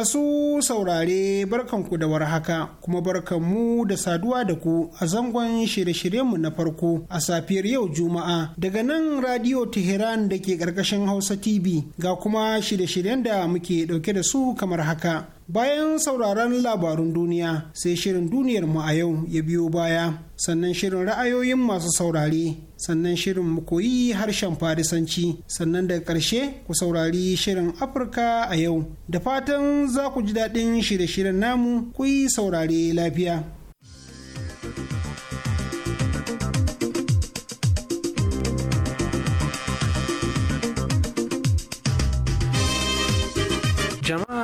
Masu saurare barkanku da warhaka kuma barkanmu da saduwa da ku a zangon shirye-shiryenmu na farko a safiyar yau Juma'a daga nan Radio Tehran da ke ƙarƙashin Hausa TV ga kuma shirye-shiryen da muke ɗauke da su kamar haka. bayan sauraron labarun duniya sai shirin duniyar mu a yau ya biyo baya sannan shirin ra'ayoyin masu saurare sannan shirin mu koyi harshen farisanci sannan daga ƙarshe ku saurari shirin afirka a yau da fatan za ku ji daɗin shirye-shiryen namu ku yi saurare lafiya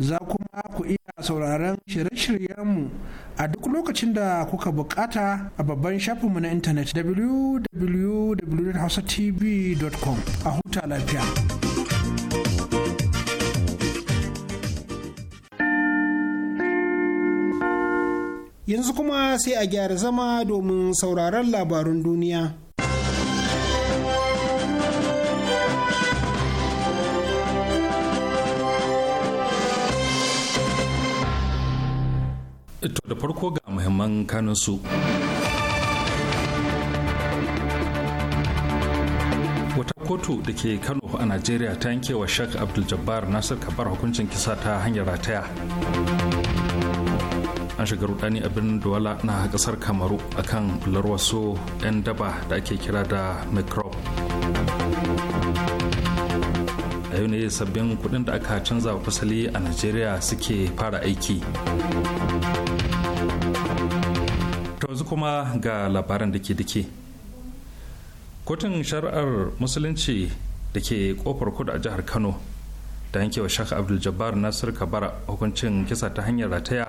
za kuma ku iya sauraron shirye-shiryenmu a duk lokacin da kuka bukata a babban shafinmu na intanet www.hausatv.com a huta lafiya. Yanzu kuma sai a gyara zama domin sauraron labarun duniya. To da farko ga muhimman kanunsu. Wata kotu da ke Kano a Najeriya ta yanke wa Sheikh Abdul Jabbar Nasir Kabar hukuncin kisa ta hanyar rataya. An shiga rudani a birnin Duwala na kasar Kamaru akan bular wasu 'yan daba da ake kira da microbe. a sabbin kuɗin da aka canza wa fasali a najeriya suke fara aiki yanzu kuma ga labaran da ke dake kotun shari'ar musulunci da ke kofar kudu a jihar kano ta yankewa shaka abdul jabbar nasir kabara hukuncin kisa ta hanyar rataya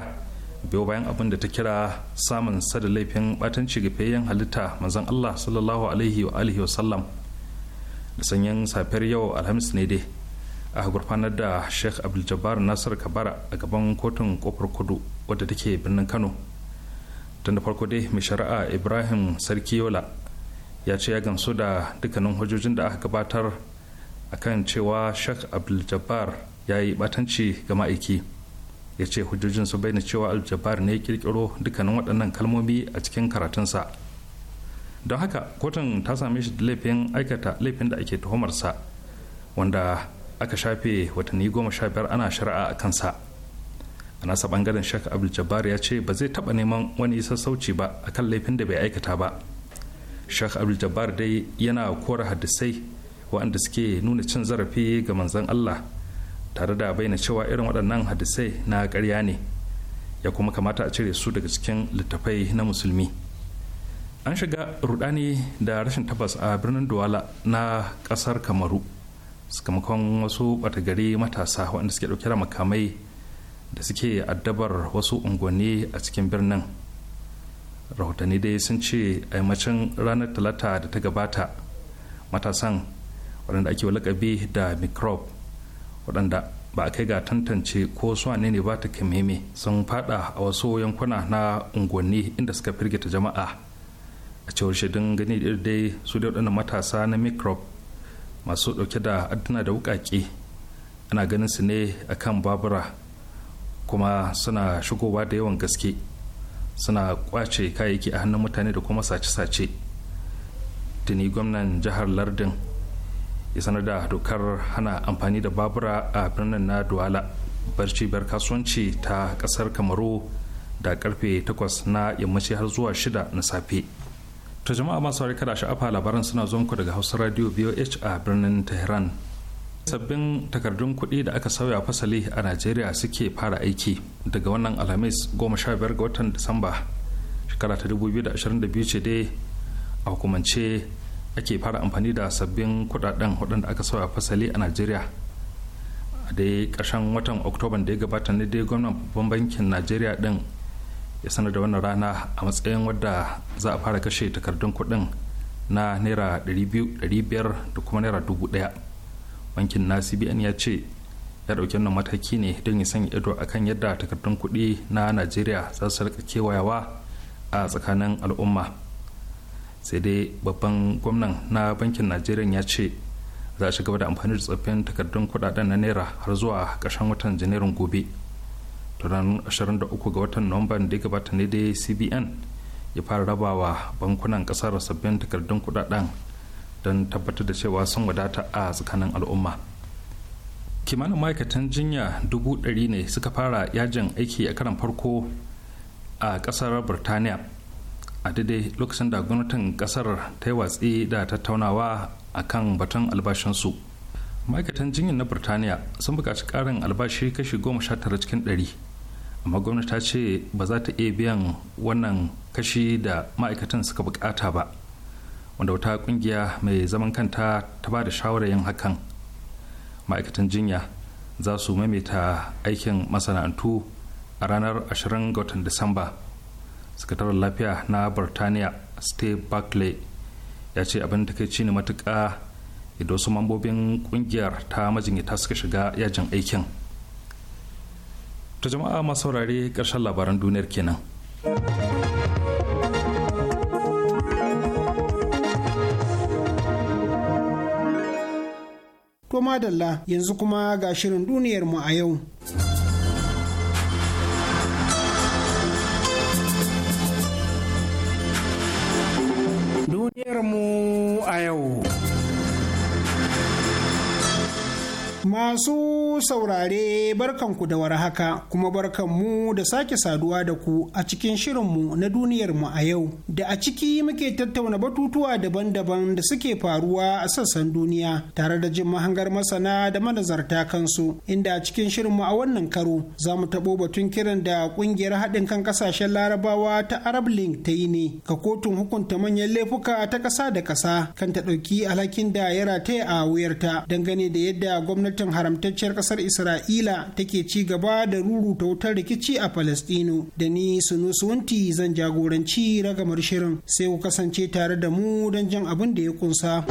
biyo bayan abin da ta kira samun sada laifin batanci ga fayyan halitta manzon allah sallallahu alaihi wa alihi wa sallam da sanyin safiyar yau alhamis ne dai a gurfanar da sheikh abdul nasir kabara a gaban kotun kofar kudu wadda take birnin kano tun da farko dai mai shari'a ibrahim sarki yola ya ce ya gamsu da dukkanin hujjojin da aka gabatar a kan cewa sheikh abdul ya yi batanci ga ma'aiki ya ce hujjojin su bayyana cewa aljabar ne ya kirkiro dukkanin waɗannan kalmomi a cikin karatunsa don haka kotun ta same shi da laifin aikata laifin da ake tuhumarsa wanda aka shafe watanni goma sha biyar ana shari'a a kansa a nasa bangaren shak abdul jabbar ya ce ba zai taba neman wani sassauci ba akan laifin da bai aikata ba shak abdul jabbar dai yana kora hadisai waɗanda suke nuna cin zarafi ga manzon allah tare da bayyana cewa irin waɗannan hadisai na karya ne ya kuma kamata a cire su daga cikin littafai na musulmi an shiga rudani da rashin tabbas a birnin duwala na ƙasar kamaru sakamakon wasu batagari matasa waɗanda suke ɗauke da makamai da suke addabar wasu unguwanni a cikin birnin rahotanni dai sun ce aimacin ranar talata da ta gabata matasan waɗanda ake lakabi da microbe waɗanda ba a kai ga tantance ko su ne ne ba ta kameme sun fada a wasu yankuna na unguwanni inda suka firgita jama'a a cewar shaidun gani dai su da waɗannan matasa na microbe masu ɗauke da adduna da wuƙaƙe ana ganin su ne akan babura kuma suna shigowa da yawan gaske suna kwace kayayyaki a hannun mutane da kuma sace-sace tuni gwamnan jihar lardin ya sanar da dokar hana amfani da babura a birnin na duwala bar kasuwanci ta kasar kamaru da karfe 8 na yammaci har zuwa 6 na safe to jama'a masu wari kada sha'afa labaran suna zuwan ku daga hausa radio voh a birnin tehran sabbin takardun kuɗi da aka sauya fasali a najeriya suke fara aiki daga wannan alhamis 15 ga watan disamba shekara ta 2022 ce dai a hukumance ake fara amfani da sabbin kudaden waɗanda aka sauya fasali a najeriya a dai ƙarshen watan oktoban da ya gabata ne dai gwamnan babban bankin najeriya ɗin ya sanar da wannan rana a matsayin wadda za a fara kashe takardun kuɗin na naira 500 da kuma naira 1000 bankin na cbn ya ce ya ɗauki wannan mataki ne don ya sanya ido akan yadda takardun kuɗi na najeriya za su rika kewayawa a tsakanin al'umma sai dai babban gwamnan na bankin najeriya ya ce za a shiga da amfani da tsoffin takardun kuɗaɗen na naira har zuwa ƙarshen watan janairun gobe. ranar 23 ga watan nuwamban da ya gabata ne dai cbn ya fara rabawa bankunan kasar sabbin takardun kudaden don tabbatar da cewa sun wadata a tsakanin al'umma kimanin ma'aikatan jinya dubu ɗari ne suka fara yajin aiki a karan farko a kasar birtaniya a daidai lokacin da gwamnatin ƙasar ta yi watsi da tattaunawa a kan batun albashinsu ma'aikatan jinya na birtaniya sun buƙaci ƙarin albashi kashi goma sha tara cikin ɗari amma gwamnati ta ce ba za ta iya biyan wannan kashi da ma'aikatan suka bukata ba wanda wata kungiya mai zaman kanta ta ba da shawarar yin hakan ma'aikatan jinya za su maimaita aikin masana'antu a ranar 20 ga watan disamba sakataren lafiya na birtaniya steve barclay ya ce abin takaici ne matuka idan wasu mambobin kungiyar ta majinyata suka shiga yajin aikin ta jama'a masu saurare ƙarshen labaran duniyar kenan. To madalla yanzu kuma ga shirin duniyarmu a yau. Duniyarmu a yau. Masu saurare barkanku da warhaka kuma barkanmu da sake saduwa da ku a cikin shirinmu na duniyarmu a yau da a ciki muke tattauna batutuwa daban-daban da suke faruwa a sassan duniya tare da jin mahangar masana da manazarta kansu inda a cikin shirinmu a wannan karo za mu taɓo batun kiran da ƙungiyar haɗin kan ƙasashen larabawa ta Arab Link ta yi ne ga kotun hukunta manyan laifuka ta ƙasa da ƙasa kan ta ɗauki alhakin da ya rataya a wuyarta dangane da yadda gwamnati gwamnatin haramtacciyar kasar isra'ila take ci gaba da ruruta wutar rikici a falastino da ni sunusunti zan jagoranci ragamar shirin sai ku kasance tare da mu don jan abin da ya kunsa.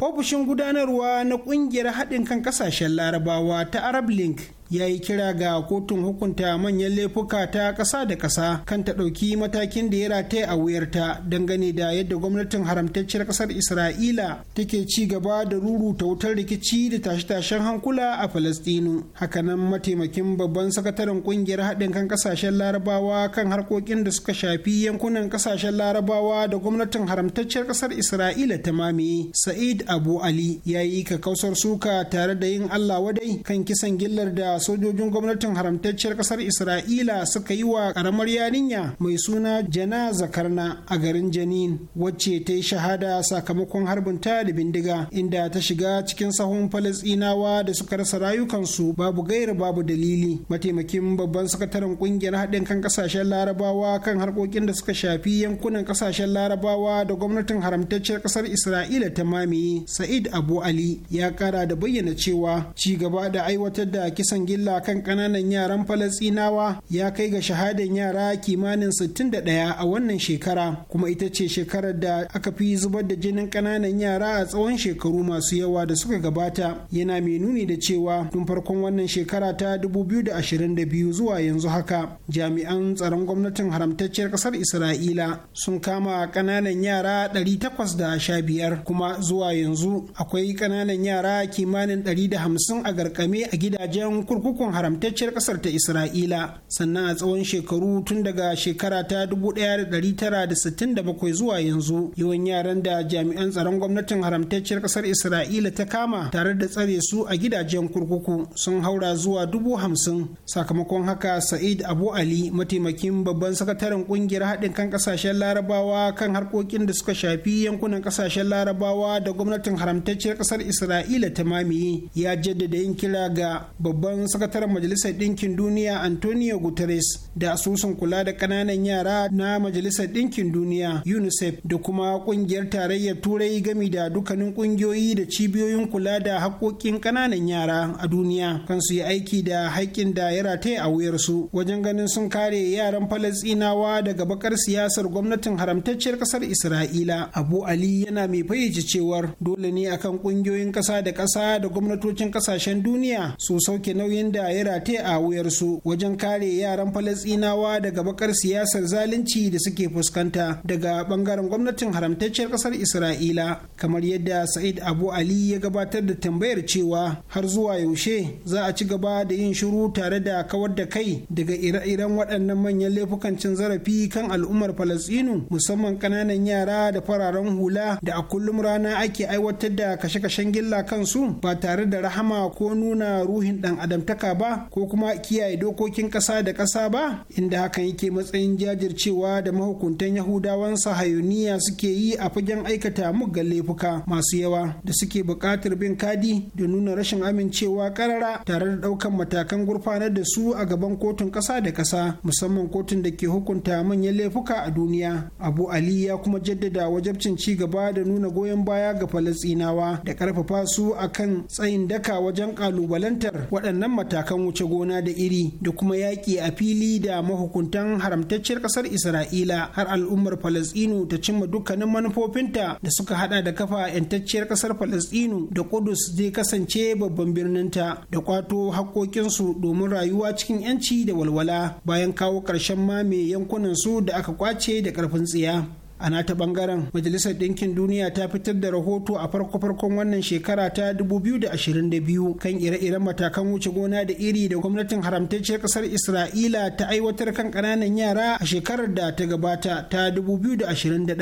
ofishin gudanarwa na kungiyar haɗin kan ƙasashen larabawa ta arab link ya yi kira ga kotun hukunta manyan laifuka ta ƙasa da ƙasa kan ta ɗauki matakin da ya rataye a wuyarta dangane da yadda gwamnatin haramtacciyar ƙasar isra'ila take ci gaba da ruruta wutar rikici da tashe-tashen hankula a falastinu hakanan mataimakin babban sakataren ƙungiyar haɗin kan ƙasashen larabawa kan harkokin da suka shafi yankunan ƙasashen larabawa da gwamnatin haramtacciyar ƙasar isra'ila ta mamaye sa'id abu ali ya yi kakausar suka tare da yin allah wadai kan kisan gillar da sojojin gwamnatin haramtacciyar kasar isra'ila suka yi wa karamar yarinya mai suna jana zakarna a garin janin wacce ta yi shahada sakamakon harbin ta da bindiga inda ta shiga cikin sahun falasinawa da suka rasa rayukansu babu gaira babu dalili mataimakin babban sakataren kungiyar haɗin kan kasashen larabawa kan harkokin da suka shafi yankunan kasashen larabawa da gwamnatin haramtacciyar kasar isra'ila ta mamaye sa'id abu ali ya kara da bayyana cewa ci gaba da aiwatar da kisan gilla kan ƙananan yaran falasinawa ya kai ga shahadan yara kimanin 61 a wannan shekara kuma ita ce shekarar da aka fi zubar da jinin ƙananan yara a tsawon shekaru masu yawa da suka gabata yana mai nuni da cewa tun farkon wannan shekara ta 2022 zuwa yanzu haka jami'an tsaron gwamnatin haramtacciyar kasar isra'ila sun kama ƙananan yara 815 kuma zuwa yanzu akwai ƙananan yara kimanin 150 a garkame a gidajen kurkukun haramtacciyar kasar ta isra'ila sannan a tsawon shekaru tun daga shekara ta 1967 zuwa yanzu yawan yaran da jami'an tsaron gwamnatin haramtacciyar kasar isra'ila ta kama tare da tsare su a gidajen kurkuku sun haura zuwa dubu hamsin sakamakon haka sa'id abu ali mataimakin babban sakataren kungiyar haɗin kan kasashen larabawa kan harkokin da suka shafi yankunan kasashen larabawa da gwamnatin haramtacciyar kasar isra'ila ta mamaye ya jaddada yin kira ga babban ofishin sakataren majalisar ɗinkin duniya antonio guterres da asusun kula da ƙananan yara na majalisar ɗinkin duniya unicef da kuma ƙungiyar tarayyar turai gami da dukkanin ƙungiyoyi da cibiyoyin kula da haƙoƙin ƙananan yara a duniya kan su yi aiki da haƙƙin da ya rataye a wuyar su wajen ganin sun kare yaran falasɗinawa daga bakar siyasar gwamnatin haramtacciyar ƙasar isra'ila abu ali yana mai fayyace cewar dole ne akan ƙungiyoyin ƙasa da ƙasa da gwamnatocin ƙasashen duniya su sauke nauyin hanyoyin da ya rate a wuyarsu wajen kare yaran falasinawa daga bakar siyasar zalunci da suke fuskanta daga bangaren gwamnatin haramtacciyar kasar isra'ila kamar yadda sa'id abu ali ya gabatar da tambayar cewa har zuwa yaushe za a ci gaba da yin shiru tare da kawar da kai daga ire-iren waɗannan manyan laifukan cin zarafi kan al'ummar falasinu musamman ƙananan yara da fararen hula da a kullum rana ake aiwatar da kashe-kashen gilla kansu ba tare da rahama ko nuna ruhin ɗan adam dangantaka ba ko kuma kiyaye dokokin ƙasa da ƙasa ba inda hakan yake matsayin jajircewa da mahukuntan yahudawan sahayuniya suke yi a fagen aikata muggan laifuka masu yawa da suke buƙatar bin kadi da nuna rashin amincewa ƙarara tare da ɗaukan matakan gurfanar da su a gaban kotun ƙasa da ƙasa musamman kotun da ke hukunta manyan laifuka a duniya abu ali ya kuma jaddada wajabcin ci gaba da nuna goyon baya ga falastinawa da ƙarfafa su akan tsayin daka wajen ƙalubalantar waɗannan matakan wuce gona da iri da kuma yaƙi a fili da mahukuntan haramtacciyar ƙasar isra'ila har al'ummar falastinu ta cimma dukkanin manufofinta da suka hada da kafa 'yantacciyar ƙasar falasɗinu da kudus zai kasance babban birninta da kwato haƙoƙinsu domin rayuwa cikin 'yanci da walwala bayan kawo ƙarshen mame yankunan su da aka kwace da ƙarfin tsiya a nata bangaren majalisar ɗinkin duniya ta fitar da rahoto a farko-farkon wannan shekara ta 2022 kan ire-iren matakan wuce gona da iri da gwamnatin haramtacciyar ƙasar isra'ila ta aiwatar kan ƙananan yara a shekarar da ta gabata ta 2021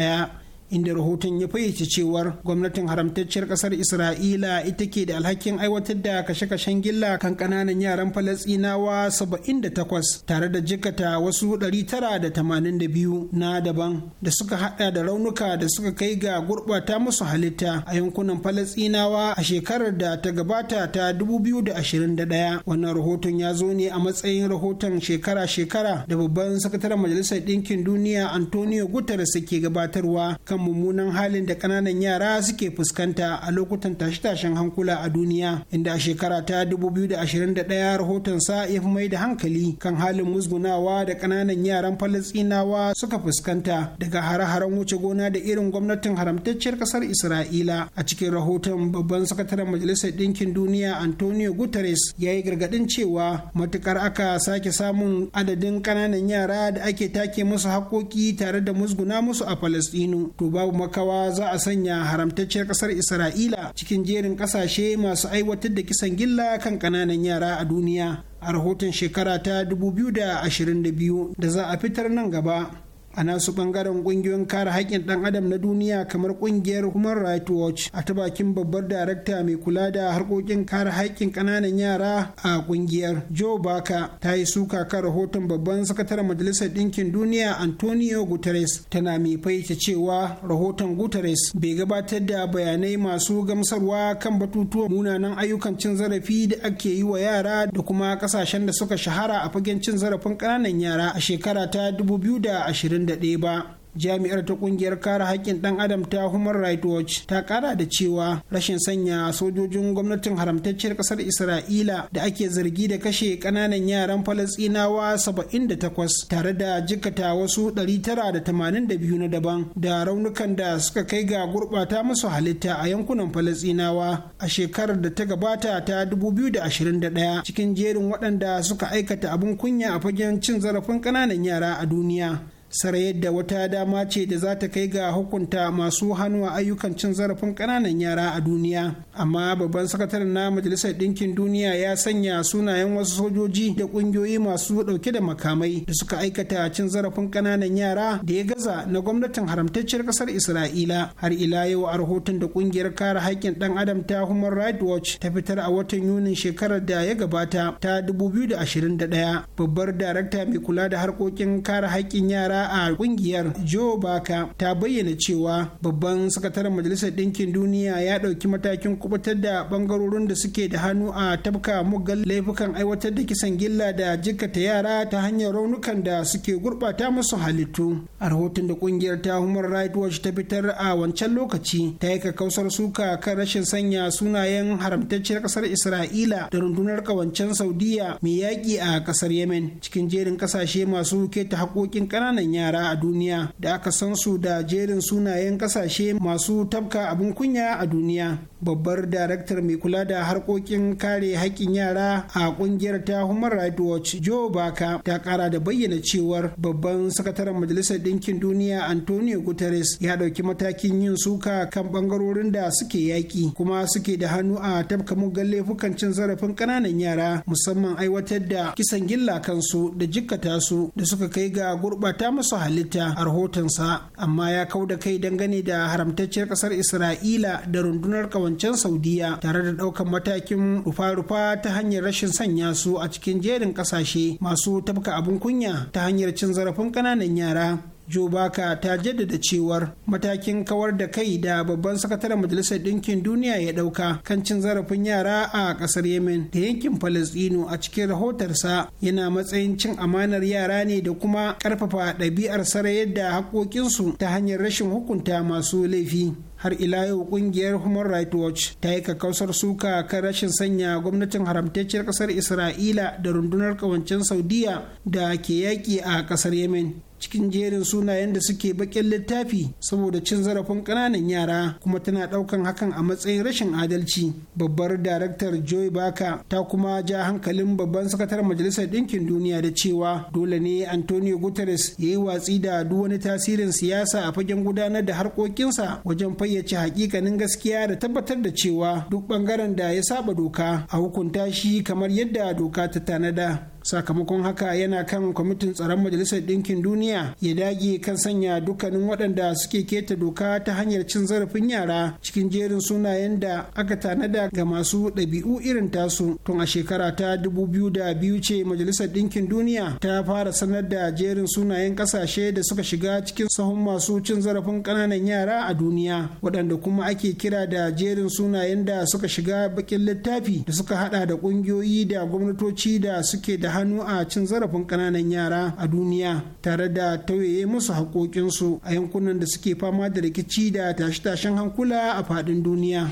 inda rahoton ya fayyace cewar gwamnatin haramtacciyar kasar isra'ila ita ke da alhakin aiwatar da kashe-kashen gilla kan kananan yaran falasinawa 78 tare da jikata wasu 982 na daban da suka hada da raunuka da suka kai ga gurbata musu halitta a yankunan falasinawa a shekarar da ta gabata ta 2021 wannan rahoton ya zo ne a matsayin rahoton shekara-shekara da babban sakataren majalisar ɗinkin duniya antonio guterres ke gabatarwa kan mummunan halin da kananan yara suke fuskanta a lokutan tashe-tashen hankula a duniya inda a shekara ta 2021 sa ya fi mai da hankali kan halin musgunawa da kananan yaran falastinawa suka fuskanta daga hare-haren wuce gona da irin gwamnatin haramtacciyar kasar isra'ila a cikin rahoton babban sakataren majalisar ɗinkin duniya antonio guterres ya yi gargaɗin cewa matukar aka sake samun adadin kananan yara da ake take musu haƙoƙi tare da musguna musu a falastinu to babu makawa za a sanya haramtacciyar kasar isra'ila cikin jerin kasashe masu aiwatar da kisan gilla kan kananan yara a duniya a rahoton shekara ta 2022 da za a fitar nan gaba a nasu bangaren kungiyoyin kare haƙƙin ɗan adam na duniya kamar ƙungiyar human rights watch a ta bakin babbar darakta mai kula da harkokin kare haƙƙin ƙananan yara a ƙungiyar. joe baka ta yi suka kan rahoton babban sakataren majalisar ɗinkin duniya antonio guterres tana mai faita cewa rahoton guterres bai gabatar da bayanai masu gamsarwa kan batutuwan munanan ayyukan cin zarafi da ake yi wa yara da kuma ƙasashen da suka shahara a fagen cin zarafin ƙananan yara a shekara ta da ashirin. daɗe ba jami'ar ta kungiyar kare haƙƙin ɗan adam ta human rights watch ta ƙara da cewa rashin sanya sojojin gwamnatin haramtacciyar ƙasar isra'ila da ake zargi da kashe ƙananan yaran falasɗinawa 78 tare da jikata wasu 982 na daban da raunukan da suka kai ga gurɓata musu halitta a yankunan falasɗinawa a shekarar da ta gabata ta 2021 cikin jerin waɗanda suka aikata abin kunya a fagen cin zarafin ƙananan yara a duniya sarayar da wata dama ce da za ta kai ga hukunta masu hannu a ayyukan cin zarafin ƙananan yara a duniya amma babban sakataren na majalisar ɗinkin duniya ya sanya sunayen wasu sojoji da ƙungiyoyi masu ɗauke da makamai da suka aikata cin zarafin ƙananan yara da ya gaza na gwamnatin haramtacciyar ƙasar isra'ila har ila yau a rahoton da ƙungiyar kare haƙƙin ɗan adam ta human rights watch ta fitar a watan yunin shekarar da ya gabata ta 2021 babbar darakta mai kula da harkokin kare haƙƙin yara a kungiyar joe baka ta bayyana cewa babban sakataren majalisar Dinkin duniya ya ɗauki matakin kubutar da bangarorin da suke da hannu a tabka muggan laifukan aiwatar da kisan gilla da jikkata yara ta hanyar raunukan da suke gurɓata musu halittu a rahoton da kungiyar ta human rights watch ta fitar a wancan lokaci ta yi kakkausar suka kan rashin sanya sunayen haramtacciyar ƙasar isra'ila da rundunar ƙawancen saudiya mai yaƙi a ƙasar yemen cikin jerin ƙasashe masu keta haƙoƙin ƙananan yara a duniya da aka san su da jerin sunayen kasashe masu tabka abin kunya a duniya babbar daraktar mai kula da harkokin kare haƙƙin yara a ƙungiyar ta human rights watch joe baka ta ƙara da bayyana cewar babban sakataren majalisar ɗinkin duniya antonio guterres ya ɗauki matakin yin suka kan ɓangarorin da suke yaƙi kuma suke da hannu a tabka muggan laifukan cin zarafin ƙananan yara musamman aiwatar da kisan gilla kansu da jikkata su da suka kai ga gurɓata musu halitta a rahotonsa amma ya kau da kai dangane da haramtacciyar kasar isra'ila da rundunar kawancen saudiya tare da ɗaukar matakin rufa-rufa ta hanyar rashin sanya su a cikin jerin ƙasashe masu tafka abin kunya ta hanyar cin zarafin ƙananan yara Jobaka ta jaddada cewar matakin kawar da kai da babban sakataren Majalisar Ɗinkin Duniya ya ɗauka kan cin zarafin yara a ƙasar Yemen da yankin Falasɗinu a cikin rahotarsa yana matsayin cin amanar yara ne da kuma ƙarfafa ɗabi'ar sarayar da haƙoƙinsu ta hanyar rashin hukunta masu laifi. har ila yau kungiyar human rights watch ta yi kakkausar suka kan rashin sanya gwamnatin haramtacciyar kasar isra'ila da rundunar kawancin saudiya da ke yaƙi a kasar yemen cikin jerin sunayen da suke bakin littafi saboda cin zarafin ƙananan yara kuma tana ɗaukan hakan a matsayin rashin adalci babbar daraktar joy baka ta kuma ja hankalin babban sakatar majalisar ɗinkin duniya da cewa dole ne antonio guterres ya yi watsi da duk wani tasirin siyasa a fagen gudanar da harkokinsa wajen fayyace hakikanin gaskiya da tabbatar da cewa duk bangaren da ya saba doka a hukunta shi kamar yadda doka ta tanada sakamakon haka yana kan kwamitin tsaron majalisar ɗinkin duniya ya dage kan sanya dukkanin waɗanda suke keta doka ta hanyar cin zarafin yara cikin jerin sunayen da aka tanada ga masu ɗabi'u irin tasu tun a shekara ta dubu biyu da biyu ce majalisar ɗinkin duniya ta fara sanar da jerin sunayen ƙasashe da suka shiga cikin sahun masu cin zarafin ƙananan yara a duniya waɗanda kuma ake kira da jerin sunayen da suka shiga baƙin littafi da suka haɗa da ƙungiyoyi da gwamnatoci da suke da hannu a cin zarafin ƙananan yara a duniya tare da tauye musu haƙoƙinsu a yankunan da suke fama da rikici da tashe-tashen hankula a faɗin duniya.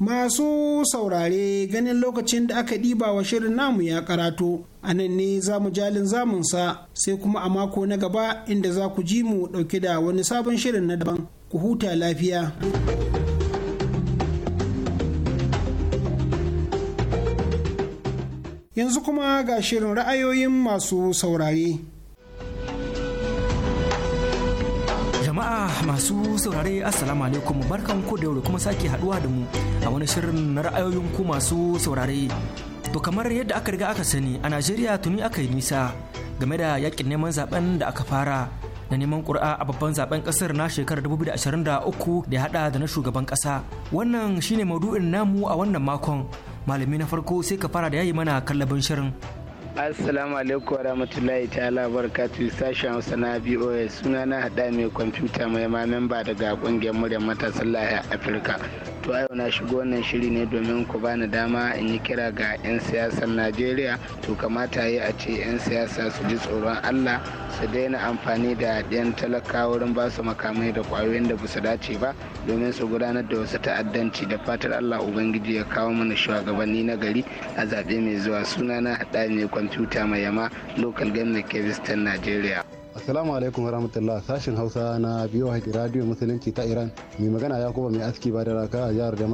Masu saurare ganin lokacin da aka ɗiba wa shirin namu ya karatu a nan ne za mu jalin zamunsa sai kuma a mako na gaba inda za ku ji mu ɗauke da wani sabon shirin na daban ku huta lafiya. yanzu kuma ga shirin ra'ayoyin masu saurare. jama'a masu saurare assalamu alaikum barkan ku da kuma sake haduwa da mu a wani shirin na ra'ayoyin ku masu saurare to kamar yadda aka riga aka sani a najeriya tuni aka yi nisa game da yakin neman zaben da aka fara na neman ƙuri'a a babban zaben ƙasar na shekarar 2023 da ya hada da na shugaban ƙasa wannan shine maudu'in namu a wannan makon malami na farko sai ka fara da yayi mana kallabin shirin Assalamu alaikum wa rahmatullahi ta'ala barakatuh sashen Hausa na BOA suna na hada mai kwamfuta mai ma memba daga kungiyar muryar matasan lahiya Afirka. To yau na shigo wannan shiri ne domin ku bani dama in yi kira ga 'yan siyasar Najeriya to kamata yi a ce 'yan siyasa su ji tsoron Allah su daina amfani da yan talaka wurin ba su makamai da kwayoyin da su dace ba domin su gudanar da wasu ta'addanci da fatar Allah Ubangiji ya kawo mana shugabanni na gari a zaɓe mai zuwa suna na hada mai kwamfuta mai yama local government kevistan nigeria Assalamu alaikum rahmatullah sashen Hausa na biyo Radio Musulunci ta Iran. Mai magana ya kuma mai aski ba da raka a jihar da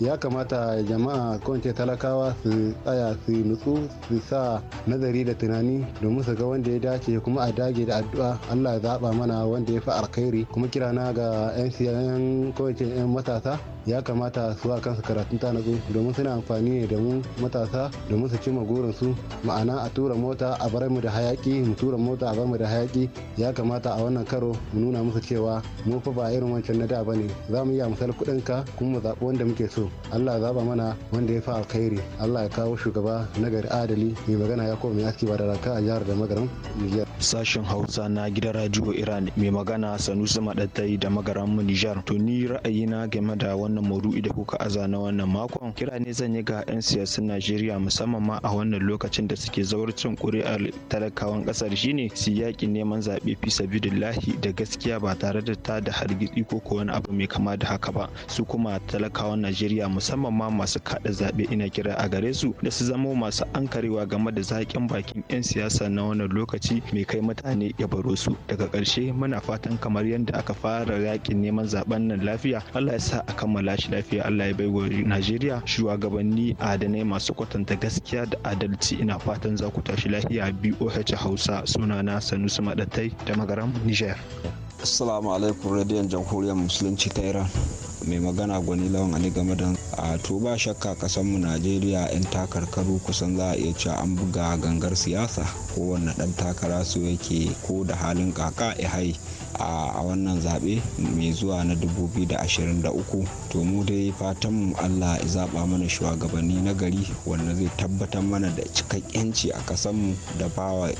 ya kamata jama'a kwance talakawa su tsaya su nutsu su sa nazari da tunani domin su ga wanda ya dace kuma a dage da addu'a allah ya zaɓa mana wanda ya fi alkhairi kuma kirana ga 'yan siyan 'yan matasa ya kamata su a kansu karatun tanatsu domin suna amfani ne da mu matasa domin su cimma su ma'ana a tura mota a bar mu da hayaki mu tura mota a bar mu da hayaki ya kamata a wannan karo mu nuna musu cewa mu fa ba irin wancan na da ba ne za mu iya misal kuɗinka kuma mu zaɓi wanda muke so allah ya zaba mana wanda ya fi alkhairi allah ya kawo shugaba nagari adali mai magana ya koma aski ba da raka a jihar da magaran Nijar. sashen hausa na gidan radio iran mai magana sanusi maɗatai da magaran mu Nijar. to ni ra'ayi na game da wannan maudu'i da kuka aza na wannan makon kira ne zan yi ga 'yan siyasan najeriya musamman ma a wannan lokacin da suke zawarcin ƙuri'ar talakawan ƙasar shine su yaƙi neman zaɓe fi sabidillahi da gaskiya ba tare da ta da hargitsi ko ko abu mai kama da haka ba su kuma talakawan najeriya najeriya musamman ma masu kada zaɓe ina kira a gare su da su zama masu ankarewa game da zaƙin bakin 'yan siyasa na wannan lokaci mai kai mutane ya baro su daga ƙarshe muna fatan kamar yadda aka fara yakin neman zaɓen nan lafiya allah ya sa a kammala shi lafiya allah ya bai wa najeriya shugabanni adanai masu kwatanta gaskiya da adalci ina fatan za ku tashi lafiya boh hausa sunana sanusi Madatai da magaram niger assalamu alaikum radiyon jamhuriyar musulunci ta iran mai magana gwani lawan ali game da a to ba shakka kasanmu najeriya 'yan takarkaru kusan za a iya cewa an buga gangar siyasa kowanne dan takara su yake ko da halin kaka ihai a wannan zaɓe mai zuwa na 2023 to mu dai fatanmu allah zaɓa mana shugabanni na gari wanda zai tabbatar mana da cikakkenci a mu da bawa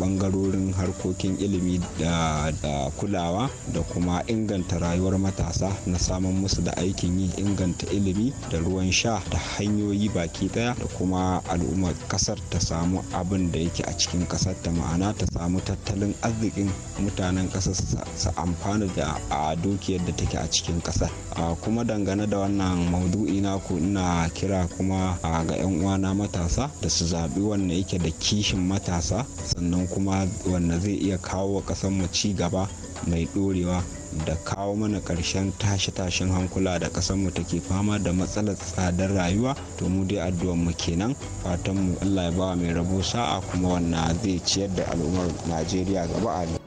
ɓangarorin harkokin ilimi da kulawa da kuma inganta rayuwar matasa na samun musu da aikin yi inganta ilimi da ruwan sha da hanyoyi baki ɗaya da kuma al'ummar kasar ta samu abin da yake a cikin ƙasar ta ma'ana ta samu tattalin arzikin mutanen kasar su amfana da a dukiyar da take a cikin ƙasar kuma dangane da wannan maudu'i ku ina kira kuma ga 'yan uwana matasa da su zaɓi wanda yake da kishin matasa sannan kuma wanda zai iya kawo wa ƙasar mu ci gaba mai dorewa da kawo mana karshen tashe-tashen hankula da ƙasar mu take fama da matsalar tsadar rayuwa to mu dai addu'ar mu kenan fatan mu Allah ya ba mai rabo sa'a kuma wannan zai ciyar da al'ummar Najeriya gaba a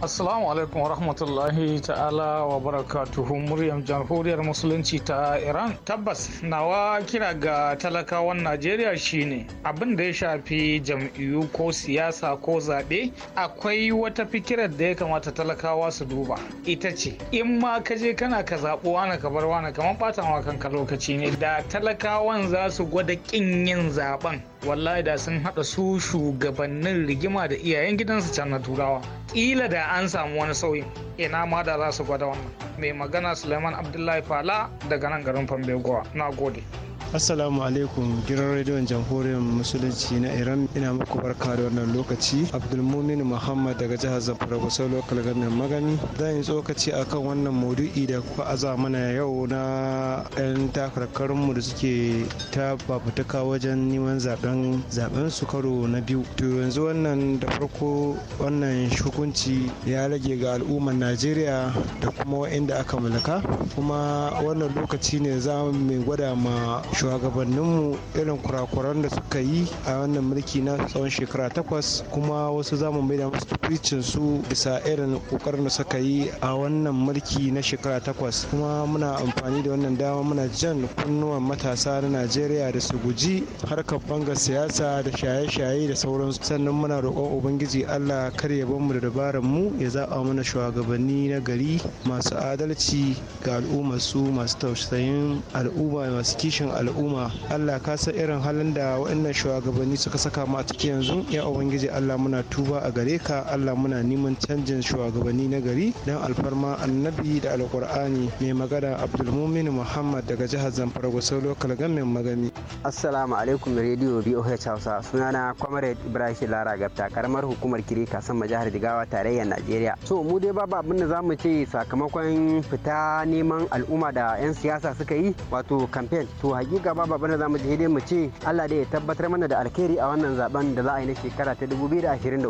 Assalamu alaikum warahmatullahi ta'ala wa barakatuhu muryar jamhuriyar musulunci ta Iran. Tabbas nawa kira ga talakawan Najeriya shine abin da ya shafi jam'iyyu ko siyasa ko zaɓe akwai wata fikirar da ya kamata talakawa su duba ita ce in ma ka je kana ka zaɓo wani ka bar wani kamar ɓatan kanka lokaci ne da talakawan za su gwada ƙin yin zaɓen wallahi da sun haɗa su shugabannin rigima da iyayen gidansu can na turawa ƙila da an samu wani sauyin ina ma da za su gwada wannan mai magana suleiman abdullahi fala daga nan garin fambe na gode assalamu alaikum gidan rediyon jamhuriyar musulunci na iran ina muku barka da wannan lokaci abdulmumin muhammad daga jihar zamfara kusa lokal magani zan yi tsokaci a kan wannan maudu'i da kuka aza mana yau na yan takarkarinmu da suke ta fafutuka wajen neman zaben zaben su karo na biyu to yanzu wannan da farko wannan hukunci ya rage ga al'ummar najeriya da kuma wa'inda aka mulka kuma wannan lokaci ne za mu gwada ma shugabanninmu irin kurakuran da suka yi a wannan mulki na tsawon shekara takwas kuma wasu zamu mai maida musu tukwicin su bisa irin kokarin da suka yi a wannan mulki na shekara takwas kuma muna amfani da wannan dama muna jan kunnuwan matasa na najeriya da su guji harkar bangar siyasa da shaye-shaye da sauransu sannan muna roƙon ubangiji allah kar ya bamu da dabarar mu ya zaɓa mana shugabanni na gari masu adalci ga al'ummar su masu tausayin al'umma masu kishin al'umma al'umma allah ka san irin halin da waɗannan shugabanni suka saka mu a ciki yanzu ya ubangiji allah muna tuba a gare ka allah muna neman canjin shugabanni na gari don alfarma annabi da alkur'ani mai magana abdulmumin muhammad daga jihar zamfara gusau lokal gamin magani assalamu alaikum radio boh hausa sunana kwamare ibrahim lara gafta karamar hukumar kiri kasan jihar jigawa tarayyar najeriya so mu dai babu abin da zamu ce sakamakon fita neman al'umma da 'yan siyasa suka yi wato campaign to haƙi gaba ba da zamu je mu ce Allah dai ya tabbatar mana da alkhairi a wannan zaben da za a yi na shekara ta 2023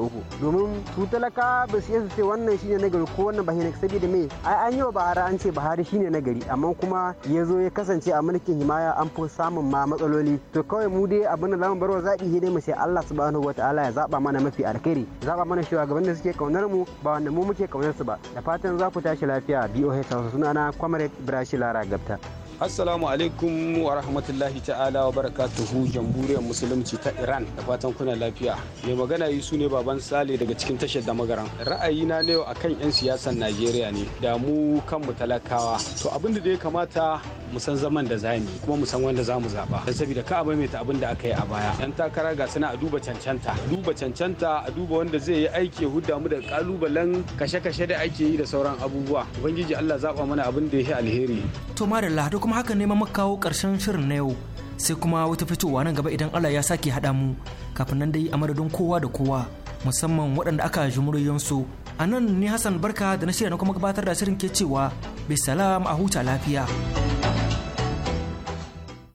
domin su talaka ba su yasa ce wannan shine nagari ko wannan ba saboda me ai an yi wa Buhari an ce shi shine nagari amma kuma ya zo ya kasance a mulkin himaya an fi samun ma matsaloli to kawai mu dai abin da zamu bar wa zabi dai mu ce Allah subhanahu wataala ya zaba mana mafi alkhairi zaba mana shugaban da suke kaunar mu ba wanda mu muke kaunar su ba da fatan za ku tashi lafiya BOH sunana Comrade Brashi Lara assalamu alaikum wa rahmatullahi ta'ala wa barakatuhu jamhuriyar musulunci ta iran da fatan kuna lafiya mai magana yi su ne baban sale daga cikin tashar da magaran ra'ayina na yau akan yan siyasar najeriya ne da mu kanmu talakawa to abin da ya kamata mu san zaman da za mu kuma mu san wanda za mu zaɓa don saboda ka abai ta abin da aka yi a baya yan takara ga suna a duba cancanta duba cancanta a duba wanda zai yi aiki huda mu da kalubalen kashe-kashe da ake yi da sauran abubuwa ubangiji Allah zaɓa mana abin da ya alheri to madalla da kuma haka ne muka kawo karshen shirin na yau sai kuma wata fitowa nan gaba idan Allah ya sake hada mu kafin nan dai a madadin kowa da kowa musamman waɗanda aka ji muryoyinsu a nan ni Hassan Barka da na shirya na kuma gabatar da shirin ke cewa bisalam a huta lafiya.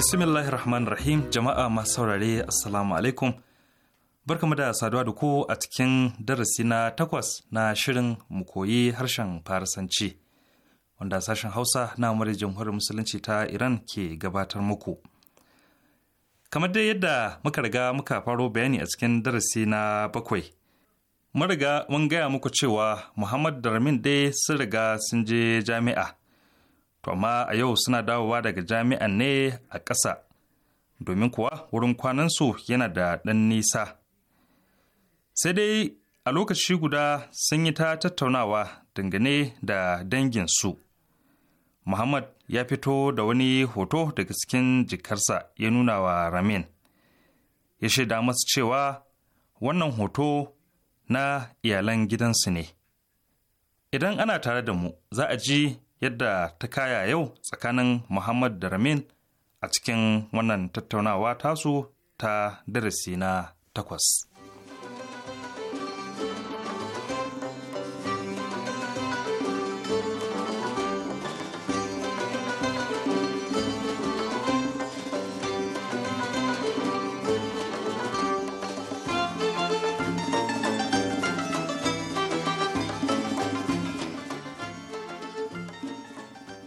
bismillahir rahman rahim jama'a masu saurare assalamu alaikum barkamu da saduwa da ku a cikin darasi na takwas na shirin mu koyi harshen Faransanci, wanda sashen hausa na amurai jamhuriyar musulunci ta iran ke gabatar muku kamar dai yadda muka riga muka faro bayani a cikin darasi na bakwai mun riga mun gaya muku cewa muhammad darmin dai sun riga sun je jami'a to amma a yau suna dawowa daga jami'an ne a ƙasa domin kuwa wurin kwanansu yana da ɗan nisa sai dai a lokaci guda sun yi ta tattaunawa dangane da danginsu muhammad ya fito da wani hoto daga cikin jikarsa ya nuna wa ramin ya shaida masu cewa wannan hoto na iyalan gidansu ne idan ana tare da mu za a ji yadda ta kaya yau tsakanin Muhammad da Ramin a cikin wannan tattaunawa tasu ta darasi na takwas.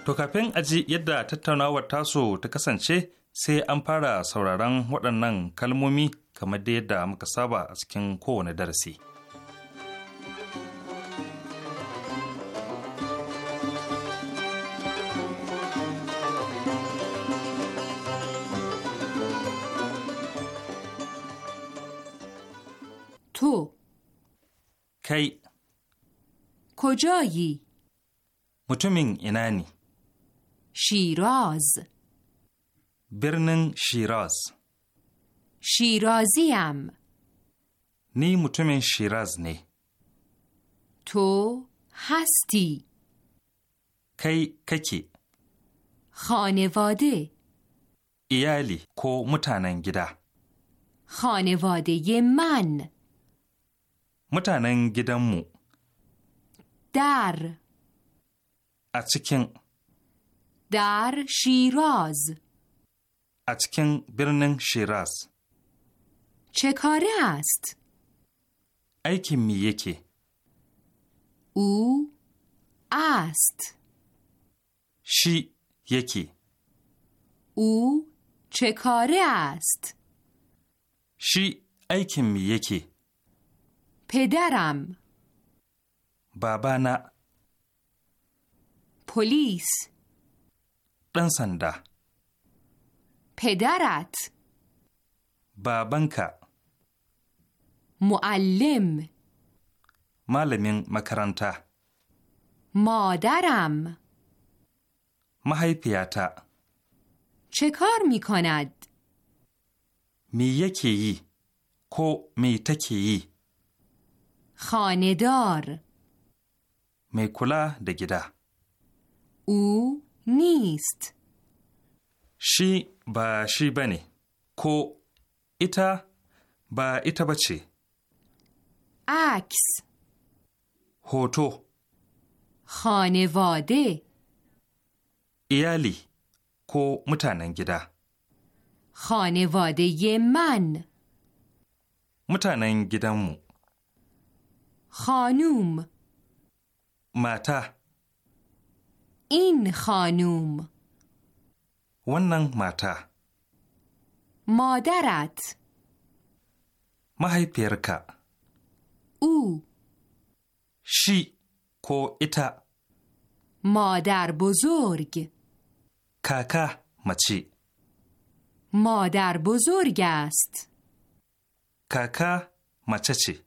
To kafin aji yadda tattaunawar taso ta kasance sai an fara sauraron waɗannan kalmomi kamar da yadda muka saba a cikin kowane darasi. تو کی کجایی متومین اینانی شیراز برنن شیراز شیرازیم نی مطمئن شیراز نی تو هستی کی ککی خانواده ایالی کو متانن گیدا خانواده من متانن مو در ا در شیراز اچکن برنن شیراز چه کاره است؟ ای که می یکی او است شی یکی او چه کاره است؟ شی ای که می یکی پدرم بابا نه پلیس ɗan sanda. پدرت بابنکا معلم مالمین مکرانتا مادرم مهیپیاتا چه کار می کند؟ می یکی کو می تکی ای. خاندار می کلا دگیده او نیست شی با شی بنی کو ایتا با ایتا بچه عکس هوتو خانواده ایالی کو متانن گیدا خانواده من متانن خانوم ماتا این خانوم ونن ماتا مادرت مهی پیرکا او شی کو ایتا مادر بزرگ کاکا مچی مادر بزرگ است کاکا مچچی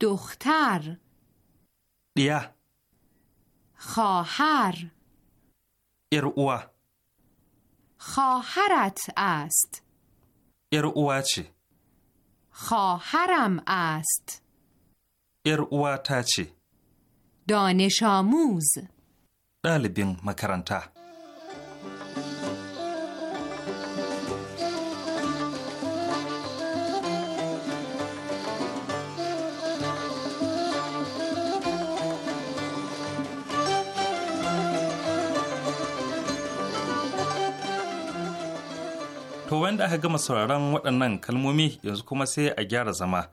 دختر دیا خواهر ارعوه خواهرت است ارعوه چی؟ خواهرم است ارعوه تا چی؟ دانش آموز طالب مکرانتا. wanda aka gama sauraron waɗannan kalmomi yanzu kuma sai a gyara zama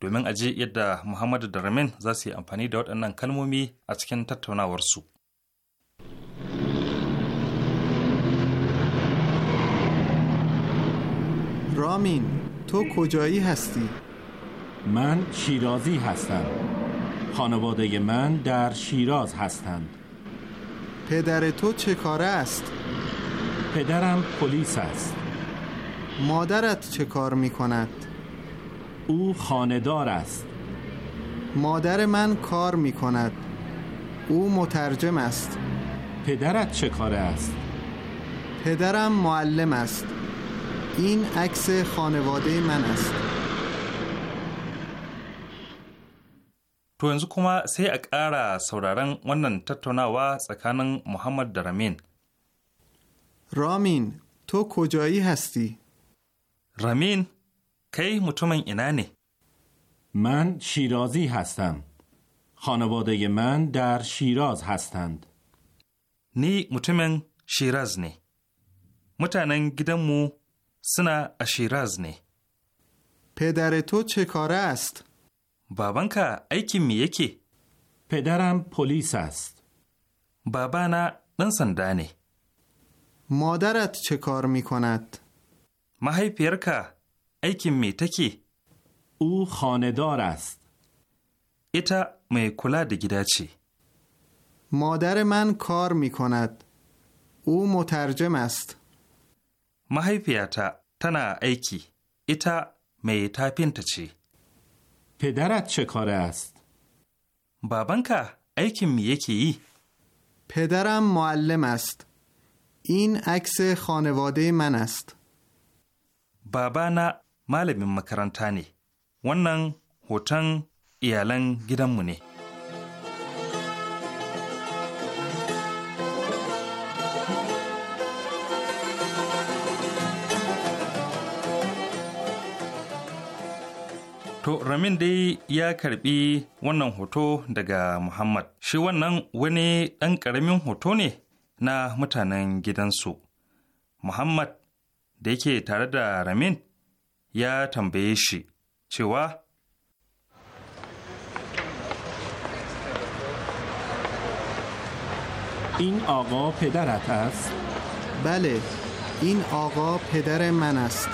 domin a ji yadda Muhammadu da Ramin za su yi amfani da waɗannan kalmomi a cikin tattaunawarsu. رامین تو کجایی هستی؟ من شیرازی هستم خانواده من در شیراز هستند پدر تو چه کاره است؟ پدرم پلیس است مادرت چه کار می کند؟ او خاندار است مادر من کار می کند او مترجم است پدرت چه کار است؟ پدرم معلم است این عکس خانواده من است تو yanzu kuma sai a ƙara sauraron wannan tattaunawa tsakanin Muhammad da رامین تو کجایی هستی؟ رامین کی مطمئن اینانه من شیرازی هستم خانواده من در شیراز هستند نی مطمئن شیراز نه متنن مو سنا اشیراز نه پدر تو چه کاره است؟ بابانکا کی می یکی پدرم پلیس است بابانا دن نه. مادرت چه کار می کند؟ mahaifiyarka aikin me take او خاندار است ایتا می کلا ده مادر من کار می کند او مترجم است mahaifiyata تنا ایکی ita می tafinta چی؟ پدرت چه کار است؟ بابانکا aikin می یکی پدرم معلم است. این عکس خانواده من است. babana malamin makaranta ne, wannan hoton iyalan gidanmu ne. To, Ramin dai ya karbi wannan hoto daga Muhammad. Shi wannan wani ɗan ƙaramin hoto ne na mutanen gidansu. Muhammad da yake tare da Ramin ya tambaye این آقا پدرت است؟ بله این آقا پدر من است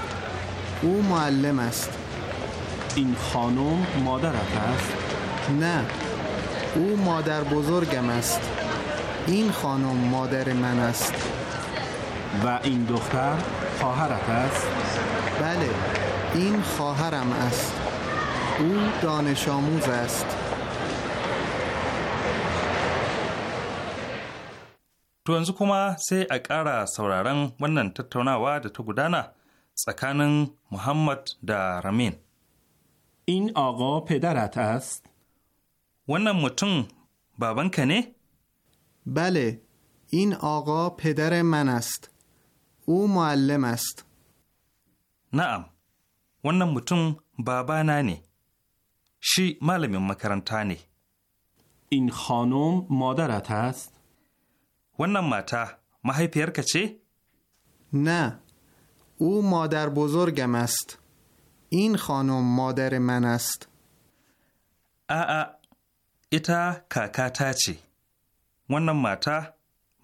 او معلم است این خانم مادرت است؟ نه او مادر بزرگم است این خانم مادر من است و این دختر خواهرت است؟ بله این خواهرم است او دانش آموز است To yanzu kuma sai a ƙara sauraron wannan tattaunawa da ta gudana tsakanin Muhammad da Ramin. In آقا پدرت ast wannan mutum babanka ne؟ bale in آقا پدر man ast او معلم است نعم wannan mutum babana ne shi malamin makaranta ne این خانم مادرت است wannan mata mahaifiyarka ce نه او مادر بزرگم است این خانم مادر من است a'a ita kakata ce wannan mata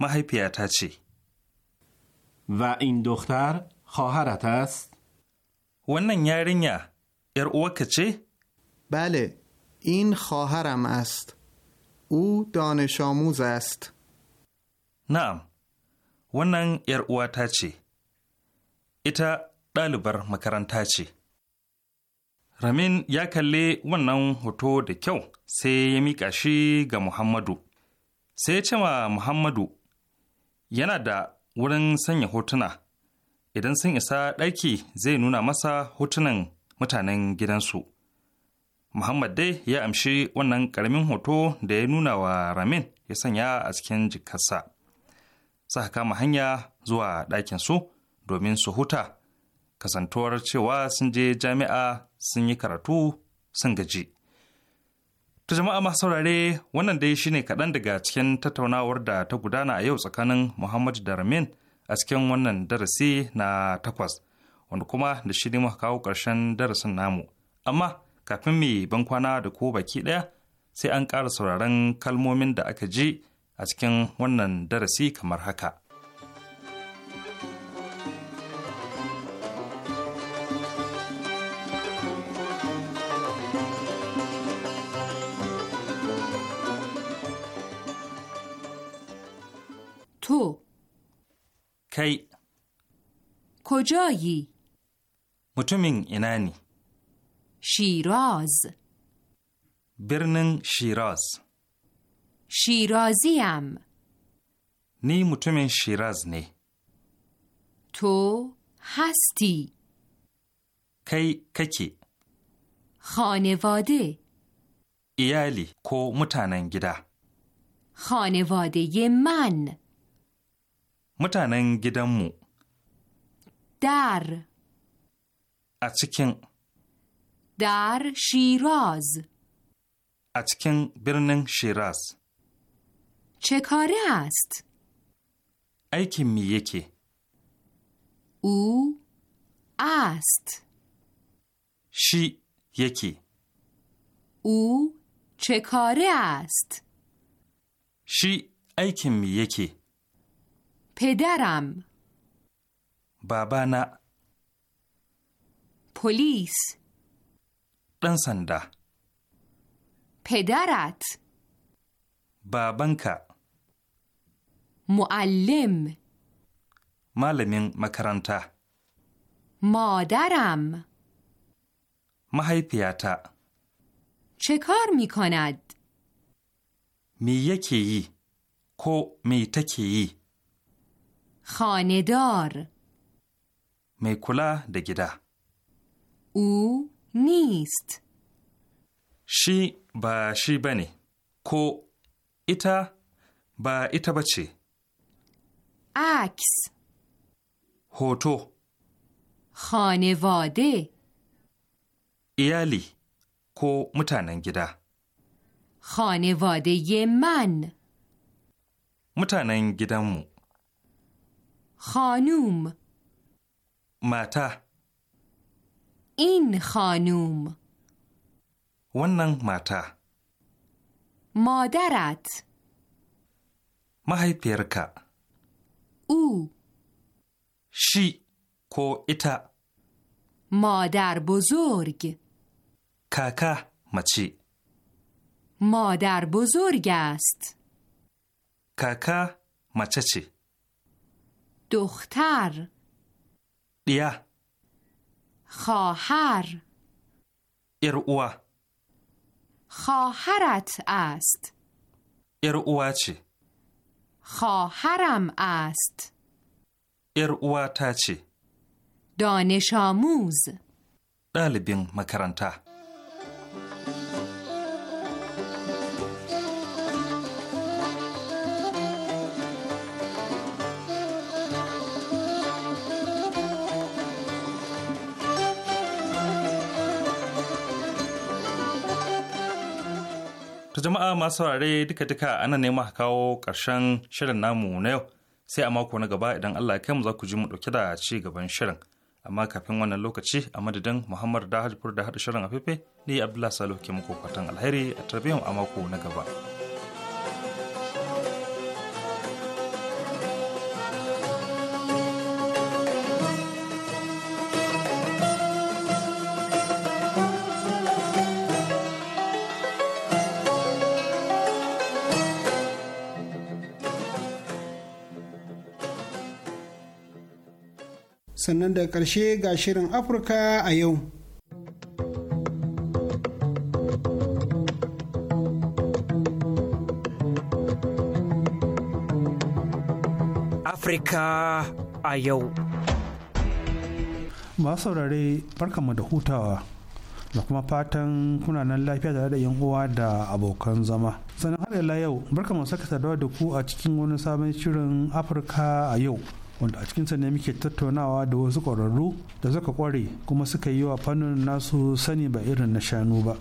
mahaifiyata ce و این دختر خواهرت است؟ ونن یارینیا ار اوکه چه؟ بله این خواهرم است او دانش آموز است نعم ونن یر اواتا چه؟ ایتا دالبر مکرانتا چه؟ Ramin ya kalli wannan hoto da kyau sai ya miƙa shi ga Muhammadu. Sai ya ce ma Muhammadu, yana da wurin sanya hotuna idan sun isa ɗaki zai nuna masa hotunan mutanen gidansu muhammad dai ya amshi wannan ƙaramin hoto da ya nuna wa ramin ya sanya a cikin jikarsa sa kama hanya zuwa ɗakinsu domin su huta kasantuwar cewa sun je jami'a sun yi karatu sun gaji. ta jama'a masu saurare wannan dai shine kaɗan daga cikin tattaunawar da ta gudana a yau tsakanin Muhammad da Ramin a cikin wannan darasi na takwas wanda kuma da shi ne muka kawo ƙarshen darasin namu. Amma kafin mai ban kwana da ko baki ɗaya sai an ƙara sauraron kalmomin da aka ji a cikin wannan darasi kamar haka. تو کی کجایی متومین اینانی شیراز برنن شیراز شیرازیم نی متومین شیراز نی تو هستی کی ککی خانواده ایالی کو متانن گیده خانواده من متنن گیدنمو در اچکن در شیراز اچکن برنن شیراز چه کاره است؟ ای می یکی او است شی یکی او چه کاره است؟ شی ای که یکی پدرم بابانا پلیس دن پدرت بابانکا معلم معلمین مکرانتا مادرم پیاتا چه کار می کند؟ می یکی کو می تکی خاندار میکولا دگیده او نیست. شی با شی بنی کو ایتا با ایتا بچه. عکس هوتو خانواده ایالی کو متانن گیده خانواده من متانن گیدمو خانوم ماتا این خانوم ونن ماتا مادرت مهیپیرکا او شی کو ایتا مادر بزرگ کاکا مچی مادر بزرگ است کاکا مچچی دختر دیا خواهر ارعوه خواهرت است ارعوه چی؟ خواهرم است ارعوه تا چی؟ دانش آموز دالبین makaranta. jama'a masu saurare duka-duka ana nema kawo karshen shirin namu na yau sai a mako na gaba idan Allah ya mu za ku ji mu ɗauke da ci gaban shirin. Amma kafin wannan lokaci a madadin Muhammad Dahajpur da haɗa shirin a fefe ne Abdullahi Salo ke muku fatan alheri a tarbiyyar a mako na gaba. sannan da ƙarshe ga shirin afirka a yau afirka a yau masu saurare barkanmu da hutawa da kuma fatan kuna nan lafiya da da yan uwa da abokan zama sannan har yau barkanmu saka saduwa da ku a cikin wani sabon shirin afirka a yau wanda a cikinsa ne muke tattaunawa da wasu ƙwararru da suka ƙware kuma suka yi wa fannin nasu sani ba irin na shanu ba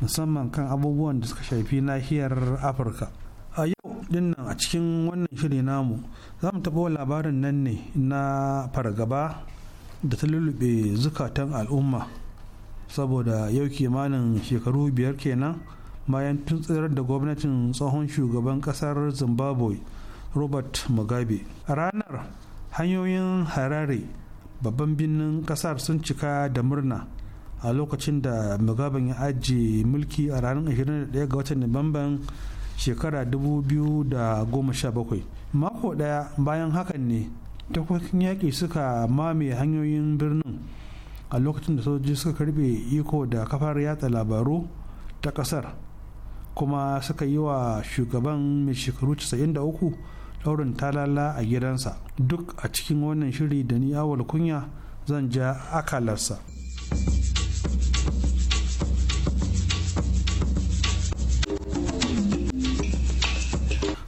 musamman kan abubuwan da suka shafi nahiyar afirka a yau dinnan a cikin wannan shiri namu za mu taɓa labarin nan ne na fargaba da ta lulluɓe zukatan al'umma saboda yau kimanin shekaru biyar kenan bayan tun tsirar da gwamnatin tsohon shugaban kasar zimbabwe robert mugabe ranar hanyoyin harare babban birnin kasar sun cika da murna a lokacin da mugaben ya ajiye mulki a ranar 21 ga watan nuwamban shekara 2017 mako daya bayan hakan ne takwakin yaƙi suka mame hanyoyin birnin a lokacin da sojoji suka karbe iko da kafar yatsa labaru ta ƙasar kuma suka yi wa shugaban mai shekaru 93 ɗaurin talala a gidansa duk a cikin wannan shiri da ni awal kunya zan ja akalarsa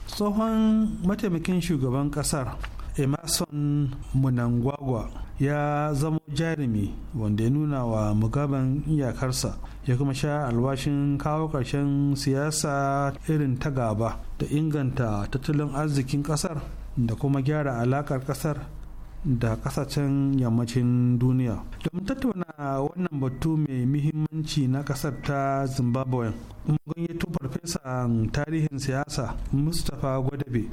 tsohon mataimakin shugaban kasar emerson munangwagwa ya zamo jarumi wanda ya nuna wa mugaban iyakarsa ya kuma sha alwashin kawo ƙarshen siyasa irin ta gaba da inganta tattalin arzikin ƙasar da kuma gyara alaƙar ƙasar da ƙasashen yammacin duniya domin tattauna wannan batu mai muhimmanci na ƙasar ta zimbabwe mun gayyato farfesa tarihin siyasa mustapha gwadabe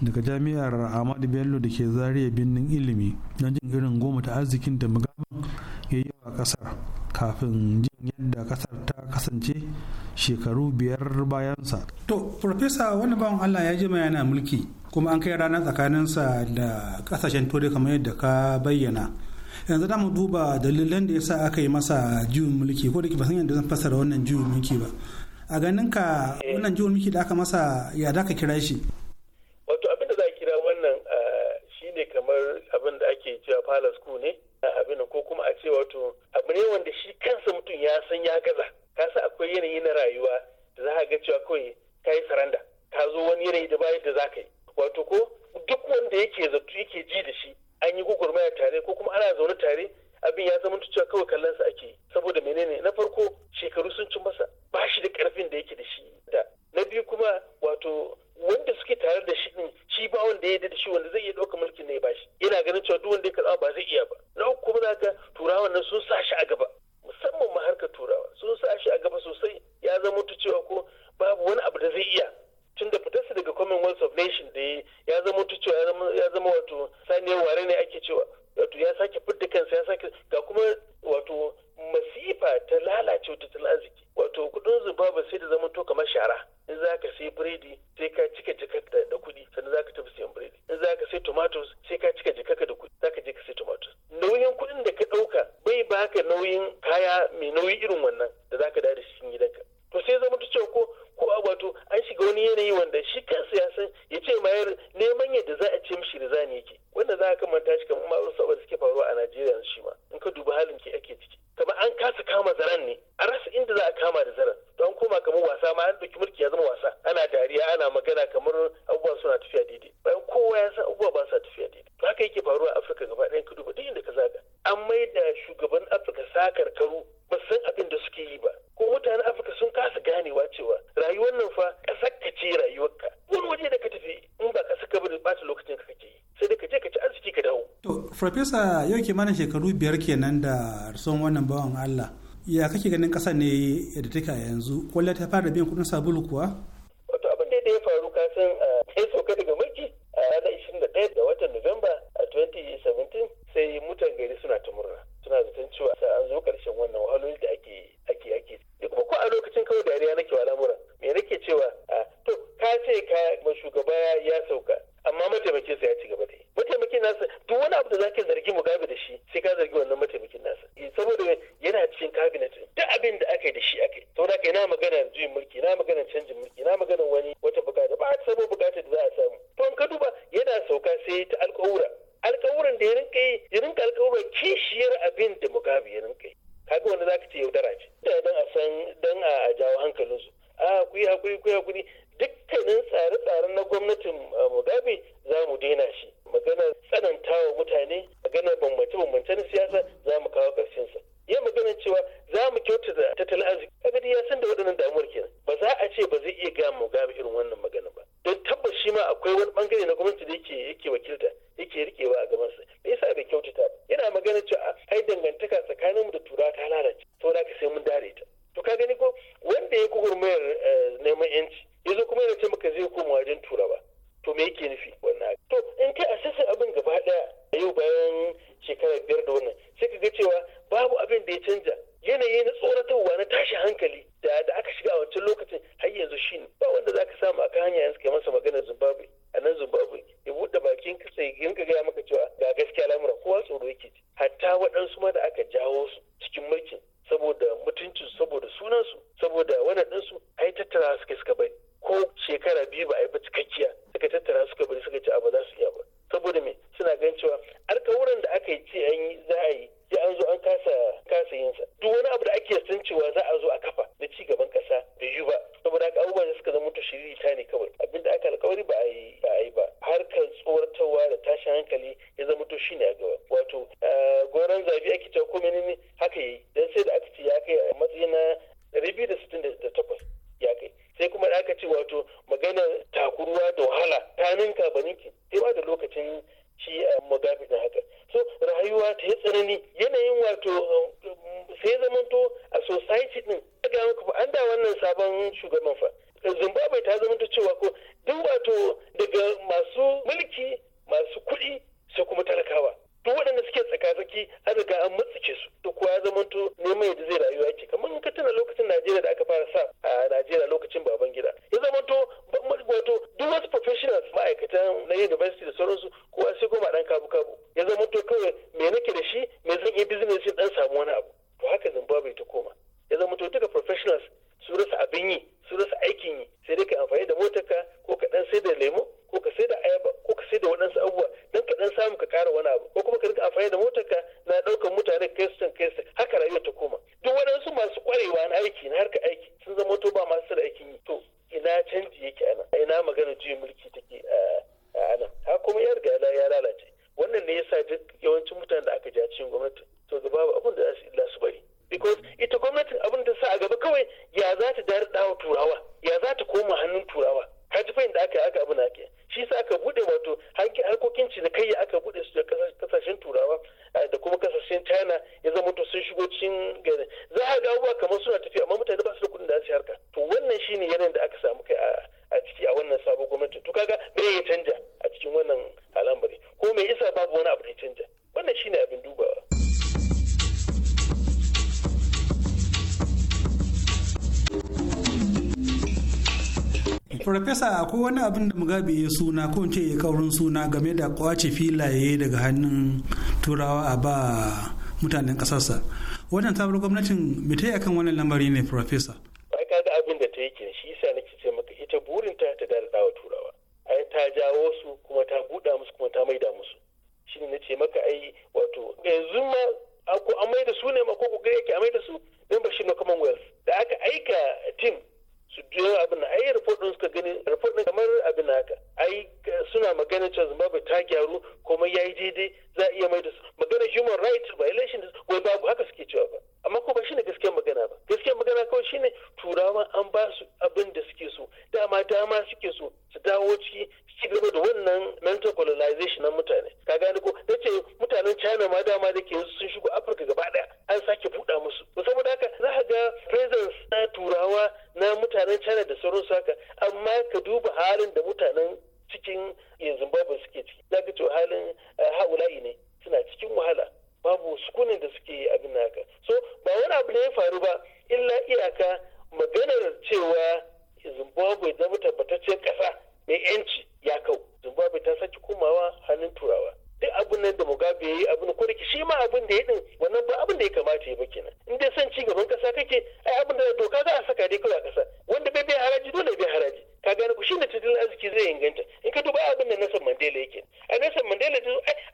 daga jami'ar ahmadu bello da ke zariya birnin ilimi don jin irin goma ta arzikin da mugabe ya yi wa kasar kafin jin yadda kasar ta kasance shekaru biyar bayansa to profesa wani bawan allah ya jima yana mulki kuma an kai rana tsakaninsa da kasashen turai kamar yadda ka bayyana yanzu da mu duba dalilan da ya sa aka yi masa juyin mulki ko da ke basan yadda zan fassara wannan juyin mulki ba a ganin ka wannan juyin mulki da aka masa ya da ka kira shi wato abin da za a kira wannan eh, ne kamar abin da ake cewa palace school ne eh, abin ko kuma a ce wato abu ne wanda shi kansa mutum ya san ya gaza ka sa akwai yanayi na rayuwa da za a ga cewa kawai ka yi saranda ka zo wani yanayi da bayan da za ka yi wato ko duk wanda yake zato yake ji da shi an yi gugurmaya tare ko kuma ana zaune tare abin ya zama cewa kawai kallon sa ake saboda menene na farko shekaru sun ci masa ba shi da karfin da yake da shi da na biyu kuma wato wanda suke tare da wanda ya da shi wanda zai iya ɗaukar mulkin ne ba shi ina ganin cewa duk wanda ya karɓa ba zai iya ba na uku kuma za ka turawa nan sun sa shi a gaba farfesa yau mana shekaru biyar kenan da son wannan bawan allah ya kake ganin ƙasa ne da take yanzu kwallo ta fara biyan kudin sabulu kuwa kamin ka baninki sai ba da lokacin shi a eh, mugabe da haka so rayuwa ta yi tsanani yanayin wato eh, sai zamanto a society din ga muku fa an da wannan sabon shugaban fa wani abin da mugabe ya suna ko ce ya kaurin suna game da kwace filaye daga hannun turawa a ba mutanen kasarsa wannan sabuwar gwamnatin mita akan wannan lamari ne professor ai ga abin da ta yake shi sa na ce maka ita burinta ta da wa turawa ai ta jawo su kuma ta buɗa musu kuma ta maida musu na ce maka ai wato yanzu ma ko an maida su ne ma ko ku ga yake an maida su membership na commonwealth da aka aika tim su biyo abin ai report din suka gani report din kamar abin haka ai suna magana cewa zimbabwe ta gyaru kuma yayi yi daidai za a iya mai da su magana human rights violation wai babu haka suke cewa ba amma ko ba shine gaskiyar magana ba gaskiyar magana kawai shine turawa an ba su abin da suke so dama dama suke so su dawo ciki ci gaba da wannan mental colonization na mutane ka gane ko na ce mutanen china ma dama da ke sun shigo afirka gaba daya an sake buɗa musu saboda haka za ka ga presence na turawa na mutanen china da sauransu haka amma ka duba halin da mutanen cikin yanzu babu suke ciki na ga halin eh, haulayi ne suna cikin wahala babu sukunin da suke abin haka so ba wani abu ne ya faru ba illa iyaka maganar cewa zimbabwe zama tabbatacciyar kasa mai yanci ya kau zimbabwe ta saki komawa hannun turawa duk abin nan da mugabe ya yi abin ko da shi ma abin da ya din wannan ba abin da ya kamata ya ba na in dai son ci gaban kasa kake ai abin da doka za a saka dai kawai a kasa wanda bai bai haraji dole bai haraji ka gane ku shine tattalin arziki zai inganta in ka duba abin da Nelson Mandela ya ke a Nelson Mandela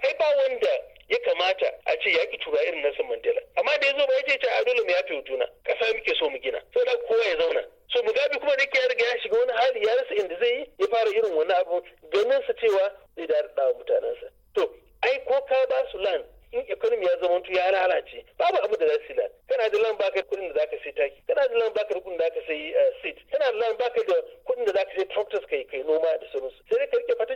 ai ba wanda ya kamata a ce ya ki tura irin Nelson Mandela amma da ya zo ba ya ce a dole mu yafe juna kasa muke so mu gina so da kowa ya zauna so mugabe kuma da ya riga ya shiga wani hali ya rasa inda zai yi ya fara irin wani abu ganin sa cewa zai da mutanen mutanensa to ai ko ka ba su lan in economy ya zama ya lalace babu abu da za su lan kana da lan baka kudin da zaka sai taki kana da lan baka kudin da zaka sai eh, seat kana da lan baka da kudin da zaka sai tractors kai kai noma da sauransu sai dai ka rike fata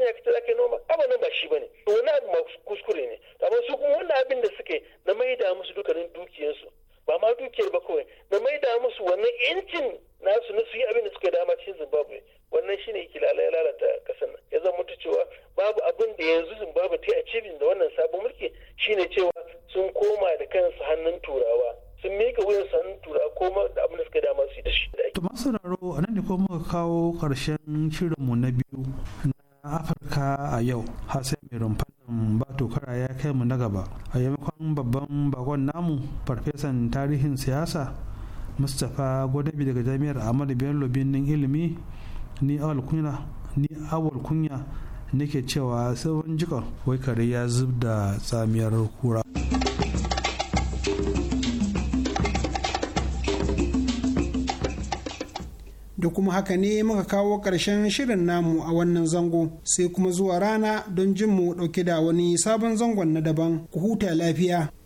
ƙarshen shirinmu na biyu na afirka a yau hasai mai rumfanin ba tokara ya kai mu na gaba a yamakon babban bakon namu farfesan tarihin siyasa mustapha gwadabi daga jami'ar ahmadu bello birnin ilimi ni awal kunya ni awal kunya nake cewa sabon jikon wai kare ya zub da tsamiyar kura. da kuma haka ne muka kawo ƙarshen shirin namu a wannan zango sai kuma zuwa rana don jin mu ɗauke da wani sabon zangon na daban ku huta lafiya